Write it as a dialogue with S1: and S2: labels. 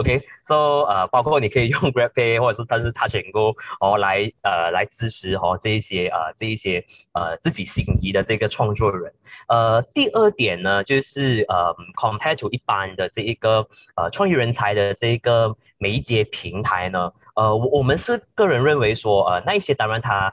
S1: OK，so，、okay, 呃、uh,，包括你可以用 GrabPay，或者是甚至 Touch and Go 哦，來呃，uh, 來支持哦，這一些，呃、uh,，這一些，呃、uh,，自己心儀的這個創作人。呃、uh,，第二點呢，就是，呃、um,，compare to 一般的這一個呃，uh, 創意人才的這一個媒介平台呢，呃，我，我們是個人認為說，呃、uh,，那一些當然它。